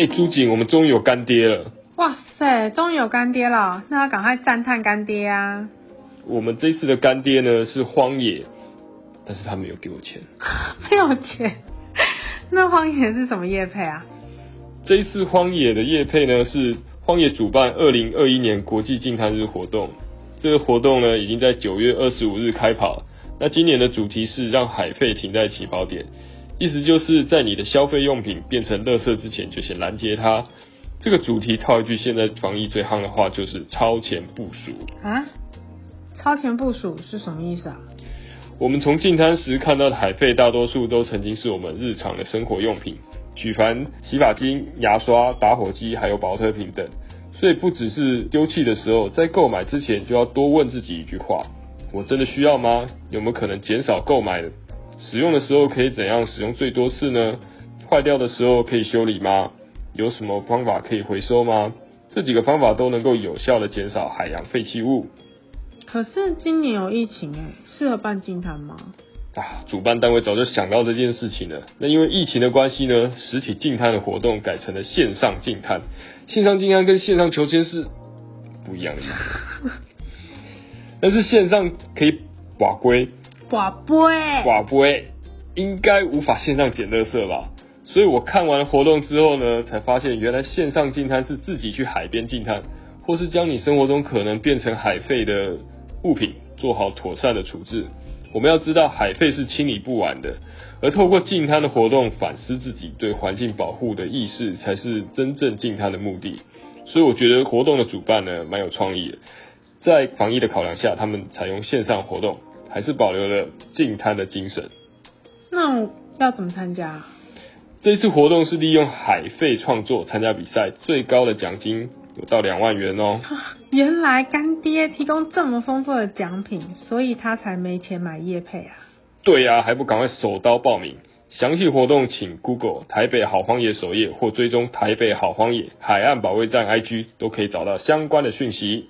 哎、欸，朱景，我們終於有乾爹了！哇塞，終於有乾爹了，那要趕快讚嘆乾爹啊！我們這次的乾爹呢是荒野，但是他沒有給我錢， 沒有錢， 那荒野是什麼業配啊？這一次荒野的業配呢是荒野主辦二零二一年國際淨灘日活動，這個活動呢已經在九月二十五日開跑，那今年的主題是讓海廢停在起跑點。意思就是在你的消費用品變成垃圾之前，就先攔截它。這個主題套一句現在防疫最夯的話，就是超前部署。啊？超前部署是什麼意思啊？我們從淨灘時看到的海廢，大多數都曾經是我們日常的生活用品，舉凡洗髮精、牙刷、打火機，還有寶特瓶等。所以不只是丟棄的時候，在購買之前就要多問自己一句話：我真的需要嗎？有沒有可能減少購買的？使用的時候可以怎樣使用最多次呢？壞掉的時候可以修理嗎？有什麼方法可以回收嗎？這幾個方法都能夠有效的減少海洋廢棄物。可是今年有疫情哎、欸，適合辦淨灘嗎？啊，主辦單位早就想到這件事情了。那因為疫情的關係呢，實體淨灘的活動改成了線上淨灘。線上淨灘跟線上求籤是不一樣的一。 但是線上可以把龜。寡波哎，寡波哎，應該無法線上撿垃圾吧？所以我看完活動之後呢，才發現原來線上淨灘是自己去海邊淨灘，或是將你生活中可能變成海廢的物品做好妥善的處置。我們要知道海廢是清理不完的，而透過淨灘的活動反思自己對環境保護的意識，才是真正淨灘的目的。所以我覺得活動的主辦呢，蠻有創意的，在防疫的考量下，他們採用線上活動。還是保留了淨灘的精神。那要怎麼參加？這次活動是利用海廢創作參加比賽，最高的獎金有到兩萬元哦。原來乾爹提供這麼豐富的獎品，所以他才沒錢買業配啊。對啊，還不趕快手刀報名？詳細活動請 Google 台北好荒野首頁，或追蹤台北好荒野海岸保衛站 I G 都可以找到相關的訊息。